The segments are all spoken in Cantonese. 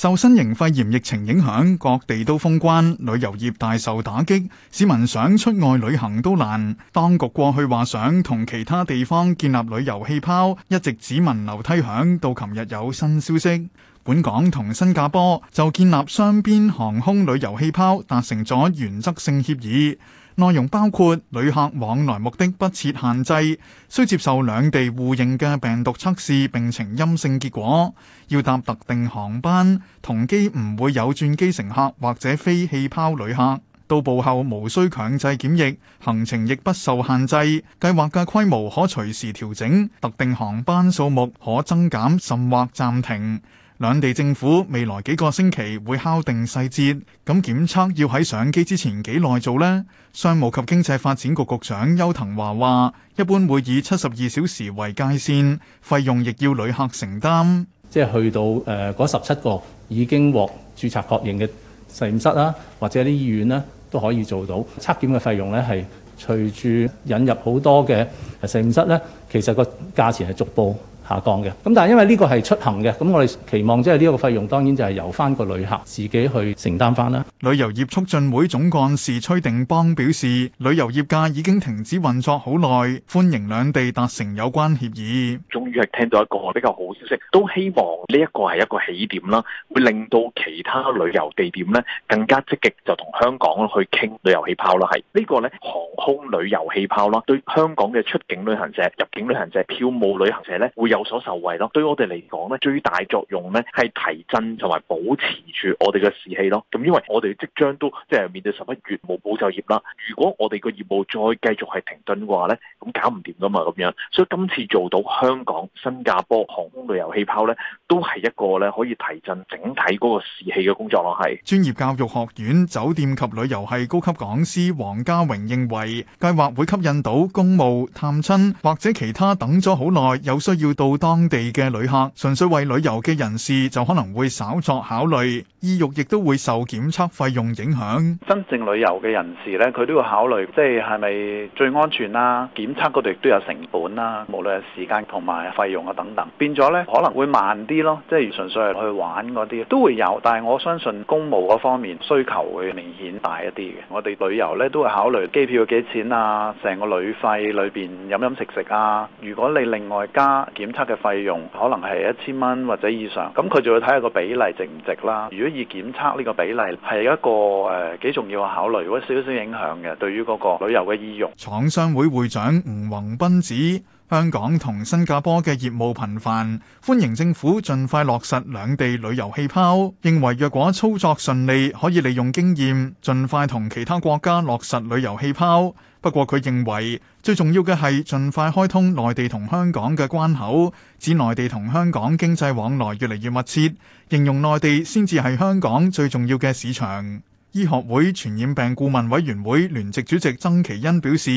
受新型肺炎疫情影響，各地都封關，旅遊業大受打擊，市民想出外旅行都難，當局過去話想同其他地方建立旅遊氣泡，一直只聞樓梯響，響，到琴日有新消息，本港同新加坡就建立雙邊航空旅遊氣泡，達成咗原則性協議。內容包括旅客往來目的不設限制，需接受兩地互認嘅病毒測試，並呈陰性結果，要搭特定航班，同機唔會有轉機乘客或者非氣泡旅客，到步後無需強制檢疫，行程亦不受限制，計劃嘅規模可隨時調整，特定航班數目可增減甚或暫停。兩地政府未來幾個星期會敲定細節，咁檢測要喺上機之前幾耐做呢？商務及經濟發展局局長邱騰華話，一般會以七十二小時為界線，費用亦要旅客承擔。即係去到誒嗰十七個已經獲註冊確認嘅實驗室啦，或者啲醫院咧都可以做到。測檢嘅費用咧，係隨住引入好多嘅實驗室咧，其實個價錢係逐步下降嘅，咁但係因為呢個係出行嘅，咁我哋期望即係呢一個費用當然就係由翻個旅客自己去承擔翻啦。旅遊業促進會總幹事崔定邦表示，旅遊業界已經停止運作好耐，歡迎兩地達成有關協議，終於係聽到一個比較好消息，都希望呢一個係一個起點啦，會令到其他旅遊地點咧更加積極就同香港去傾旅遊氣泡啦。係呢個咧航空旅遊氣泡啦，對香港嘅出境旅行社、入境旅行社、票務旅行社咧會有，所受惠咯，對於我哋嚟講咧，最大作用咧係提振同埋保持住我哋嘅士氣咯。咁因為我哋即將都即係面對十一月冇保就業啦，如果我哋個業務再繼續係停頓嘅話咧，咁搞唔掂噶嘛咁樣。所以今次做到香港、新加坡航空旅遊氣泡咧，都係一個咧可以提振整體嗰個士氣嘅工作咯。係專業教育學院酒店及旅遊係高級講師黃家榮認為，計劃會吸引到公務探親或者其他等咗好耐有需要到。當地嘅旅客，純粹為旅遊嘅人士就可能會稍作考慮。意欲亦都會受檢測費用影響。真正旅遊嘅人士咧，佢都要考慮，即係係咪最安全啦？檢測嗰度亦都有成本啦，無論係時間同埋費用啊等等，變咗咧可能會慢啲咯。即係純粹係去玩嗰啲都會有，但係我相信公務嗰方面需求會明顯大一啲嘅。我哋旅遊咧都會考慮機票幾錢啊，成個旅費裏邊飲飲食食啊。如果你另外加檢測嘅費用，可能係一千蚊或者以上，咁佢就會睇下個比例值唔值啦。如以檢測呢個比例係一個誒幾、呃、重要嘅考慮，有少少影響嘅，對於嗰個旅遊嘅意欲。廠商會會長吳宏斌指。香港同新加坡嘅業務頻繁，歡迎政府盡快落實兩地旅遊氣泡。認為若果操作順利，可以利用經驗盡快同其他國家落實旅遊氣泡。不過，佢認為最重要嘅係盡快開通內地同香港嘅關口，指內地同香港經濟往來越嚟越密切。形容內地先至係香港最重要嘅市場。醫學會傳染病顧問委員會聯席主席曾其恩表示，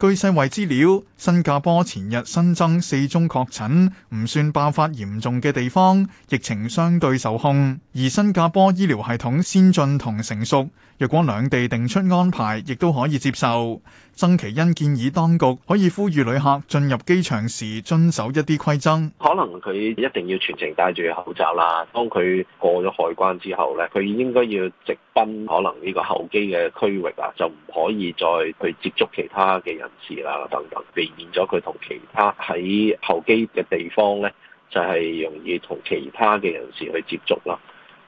據世衛資料，新加坡前日新增四宗確診，唔算爆發嚴重嘅地方，疫情相對受控。而新加坡醫療系統先進同成熟，若果兩地定出安排，亦都可以接受。曾其恩建議當局可以呼籲旅客進入機場時遵守一啲規則，可能佢一定要全程戴住口罩啦。當佢過咗海關之後咧，佢應該要直。奔可能呢個候機嘅區域啊，就唔可以再去接觸其他嘅人士啦，等等，避免咗佢同其他喺候機嘅地方呢，就係、是、容易同其他嘅人士去接觸咯。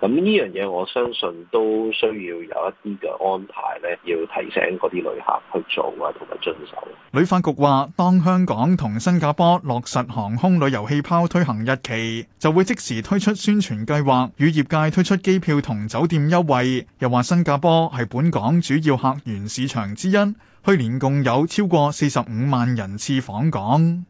咁呢樣嘢，我相信都需要有一啲嘅安排咧，要提醒嗰啲旅客去做啊，同埋遵守。旅發局話，當香港同新加坡落實航空旅遊氣泡推行日期，就會即時推出宣傳計劃，與業界推出機票同酒店優惠。又話新加坡係本港主要客源市場之一，去年共有超過四十五萬人次訪港。